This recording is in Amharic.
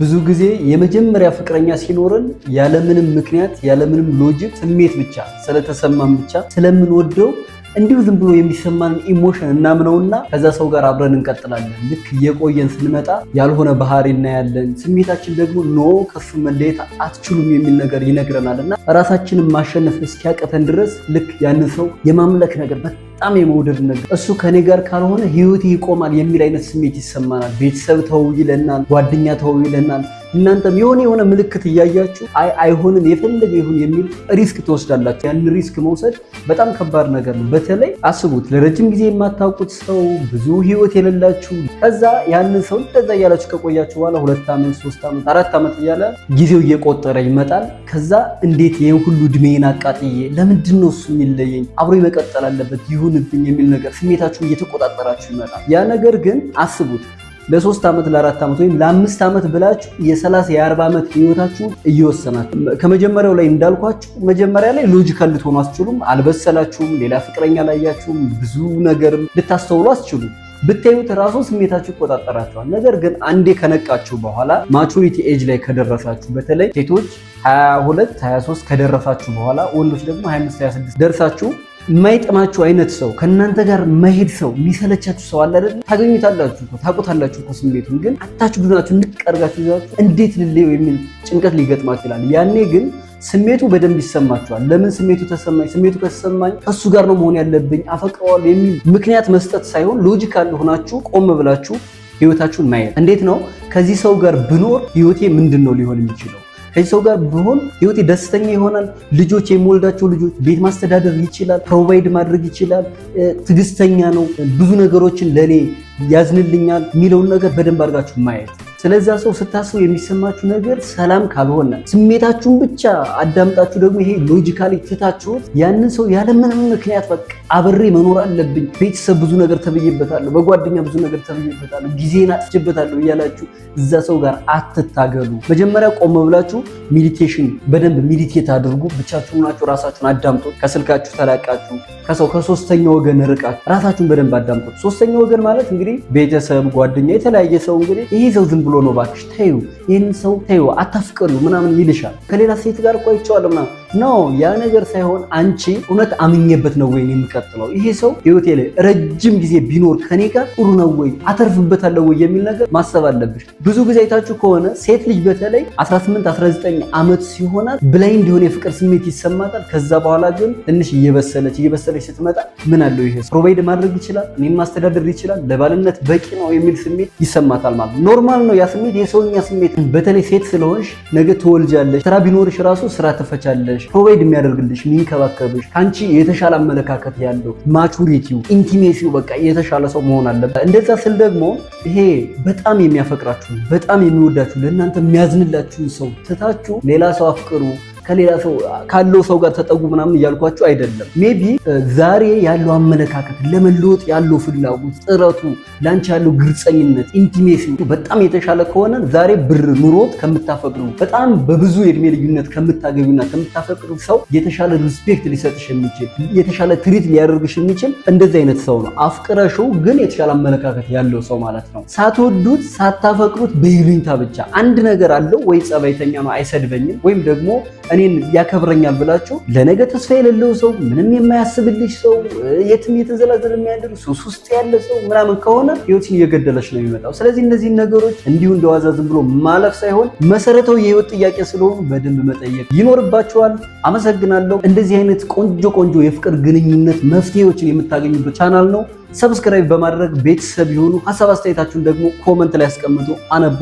ብዙ ጊዜ የመጀመሪያ ፍቅረኛ ሲኖረን ያለምንም ምክንያት ያለምንም ሎጂክ ስሜት ብቻ ስለተሰማን ብቻ ስለምንወደው እንዲሁ ዝም ብሎ የሚሰማንን ኢሞሽን እናምነውና ከዛ ሰው ጋር አብረን እንቀጥላለን። ልክ እየቆየን ስንመጣ ያልሆነ ባህሪ እናያለን። ስሜታችን ደግሞ ኖ ከሱ መለየት አትችሉም የሚል ነገር ይነግረናል እና ራሳችንን ማሸነፍ እስኪያቅተን ድረስ ልክ ያንን ሰው የማምለክ ነገር በጣም የመውደድ ነገር እሱ ከኔ ጋር ካልሆነ ህይወት ይቆማል የሚል አይነት ስሜት ይሰማናል። ቤተሰብ ተው ይለናል፣ ጓደኛ ተው ይለናል። እናንተም የሆነ የሆነ ምልክት እያያችሁ አይሆንም የፈለገ ይሁን የሚል ሪስክ ትወስዳላችሁ። ያን ሪስክ መውሰድ በጣም ከባድ ነገር ነው። በተለይ አስቡት፣ ለረጅም ጊዜ የማታውቁት ሰው፣ ብዙ ህይወት የሌላችሁ ከዛ ያንን ሰው እንደዛ እያላችሁ ከቆያችሁ በኋላ ሁለት ዓመት፣ ሶስት ዓመት፣ አራት ዓመት እያለ ጊዜው እየቆጠረ ይመጣል። ከዛ እንዴት ይህ ሁሉ እድሜን አቃጥዬ ለምንድን ነው እሱ የሚለየኝ አብሮ መቀጠል አለበት ይሁንብኝ የሚል ነገር ስሜታችሁ እየተቆጣጠራችሁ ይመጣል። ያ ነገር ግን አስቡት ለሶስት ዓመት ለአራት ዓመት ወይም ለአምስት ዓመት ብላችሁ የሰላሳ የአርባ ዓመት ህይወታችሁ እየወሰናችሁ ከመጀመሪያው ላይ እንዳልኳችሁ መጀመሪያ ላይ ሎጂካል ልትሆኑ አስችሉም። አልበሰላችሁም። ሌላ ፍቅረኛ ላያችሁም ብዙ ነገርም ልታስተውሉ አስችሉ። ብታዩት ራሱ ስሜታችሁ ይቆጣጠራችኋል። ነገር ግን አንዴ ከነቃችሁ በኋላ ማቹሪቲ ኤጅ ላይ ከደረሳችሁ በተለይ ሴቶች 22 23 ከደረሳችሁ በኋላ ወንዶች ደግሞ 25 26 ደርሳችሁ የማይጥማችሁ አይነት ሰው ከእናንተ ጋር መሄድ ሰው የሚሰለቻችሁ ሰው አለ አይደል? ታገኙታላችሁ እኮ ታውቁታላችሁ እኮ ስሜቱን። ግን አታችሁ ናችሁ እንድቀርጋችሁ ይዛችሁ እንዴት ልሌው የሚል ጭንቀት ሊገጥማችሁ ይላል። ያኔ ግን ስሜቱ በደንብ ይሰማችኋል። ለምን ስሜቱ ተሰማኝ? ስሜቱ ከተሰማኝ ከሱ ጋር ነው መሆን ያለብኝ፣ አፈቅረዋል የሚል ምክንያት መስጠት ሳይሆን ሎጂካል ሆናችሁ ቆም ብላችሁ ህይወታችሁን ማየት እንዴት ነው ከዚህ ሰው ጋር ብኖር ህይወቴ ምንድን ነው ሊሆን የሚችለው ከዚህ ሰው ጋር ብሆን ህይወቴ ደስተኛ ይሆናል። ልጆች የሚወልዳቸው ልጆች ቤት ማስተዳደር ይችላል፣ ፕሮቫይድ ማድረግ ይችላል፣ ትግስተኛ ነው፣ ብዙ ነገሮችን ለእኔ ያዝንልኛል የሚለውን ነገር በደንብ አድርጋችሁ ማየት ስለዚያ ሰው ስታስቡ የሚሰማችሁ ነገር ሰላም ካልሆነ ስሜታችሁን ብቻ አዳምጣችሁ ደግሞ ይሄ ሎጂካሊ ትታችሁት ያንን ሰው ያለምንም ምክንያት በቃ አብሬ መኖር አለብኝ፣ ቤተሰብ ብዙ ነገር ተብዬበታለሁ፣ በጓደኛ ብዙ ነገር ተብዬበታለሁ፣ ጊዜን አጥፍቼበታለሁ እያላችሁ እዛ ሰው ጋር አትታገሉ። መጀመሪያ ቆመ ብላችሁ ሜዲቴሽን በደንብ ሜዲቴት አድርጉ። ብቻችሁን ራሳችሁን አዳምጡ። ከስልካችሁ ተላቃችሁ ከሰው ከሶስተኛ ወገን ርቃችሁ ራሳችሁን በደንብ አዳምጡ። ሶስተኛ ወገን ማለት እንግዲህ ቤተሰብ፣ ጓደኛ፣ የተለያየ ሰው እንግዲህ ይህ ሰው ዝም ብሎ ብሎ ነው እባክሽ ተይው፣ ይህን ሰው ተይው፣ አታፍቀሪው ምናምን ይልሻል። ከሌላ ሴት ጋር ቆይቼዋለሁ ምናምን ኖ ያ ነገር ሳይሆን አንቺ እውነት አምኜበት ነው ወይ የሚቀጥለው ይሄ ሰው ህይወቴ ላይ ረጅም ጊዜ ቢኖር ከኔ ጋር ጥሩ ነው ወይ አተርፍበታለሁ ወይ የሚል ነገር ማሰብ አለብሽ። ብዙ ጊዜ አይታችሁ ከሆነ ሴት ልጅ በተለይ 18 19 ዓመት ሲሆናት ብላይንድ የሆነ የፍቅር ስሜት ይሰማታል። ከዛ በኋላ ግን ትንሽ እየበሰለች እየበሰለች ስትመጣ ምን አለው ይሄ ፕሮቫይድ ማድረግ ይችላል፣ እኔም ማስተዳደር ይችላል፣ ለባልነት በቂ ነው የሚል ስሜት ይሰማታል ማለት ነው። ኖርማል ነው ያ ስሜት፣ የሰውኛ ስሜት። በተለይ ሴት ስለሆንሽ ነገ ትወልጃለሽ። ስራ ቢኖርሽ ራሱ ስራ ትፈቻለሽ የሚያደርግልሽ ፕሮቫይድ የሚያደርግልሽ የሚንከባከብሽ ከአንቺ የተሻለ አመለካከት ያለው ማቹሪቲው ኢንቲሜሲው በቃ የተሻለ ሰው መሆን አለበት። እንደዛ ስል ደግሞ ይሄ በጣም የሚያፈቅራችሁ በጣም የሚወዳችሁ ለእናንተ የሚያዝንላችሁን ሰው ትታችሁ ሌላ ሰው አፍቅሩ ከሌላ ሰው ካለው ሰው ጋር ተጠጉ ምናምን እያልኳቸው አይደለም። ሜቢ uh, ዛሬ ያለው አመለካከት ለመለወጥ ያለው ፍላጎት፣ ጥረቱ፣ ላንቺ ያለው ግርፀኝነት ኢንቲሜሲ በጣም የተሻለ ከሆነ ዛሬ ብር ኑሮት ከምታፈቅዱ በጣም በብዙ የእድሜ ልዩነት ከምታገቢና ከምታፈቅዱ ሰው የተሻለ ሪስፔክት ሊሰጥሽ የሚችል የተሻለ ትሪት ሊያደርግሽ የሚችል እንደዚህ አይነት ሰው ነው። አፍቅረሽው ግን የተሻለ አመለካከት ያለው ሰው ማለት ነው። ሳትወዱት ሳታፈቅዱት በይሉኝታ ብቻ አንድ ነገር አለው ወይ ጸባይተኛ ነው አይሰድበኝም ወይም ደግሞ እኔን ያከብረኛል ብላችሁ ለነገ ተስፋ የሌለው ሰው፣ ምንም የማያስብልሽ ሰው፣ የትም የተዘላዘለ የሚያደር ሱስ ውስጥ ያለ ሰው ምናምን ከሆነ ህይወትን እየገደለች ነው የሚመጣው። ስለዚህ እነዚህን ነገሮች እንዲሁ እንደዋዛ ዝም ብሎ ማለፍ ሳይሆን መሰረታዊ የህይወት ጥያቄ ስለሆኑ በደንብ መጠየቅ ይኖርባቸዋል አመሰግናለሁ። እንደዚህ አይነት ቆንጆ ቆንጆ የፍቅር ግንኙነት መፍትሄዎችን የምታገኙበት ቻናል ነው። ሰብስክራይብ በማድረግ ቤተሰብ የሆኑ ሀሳብ አስተያየታችሁን ደግሞ ኮመንት ላይ ያስቀምጡ። አነበ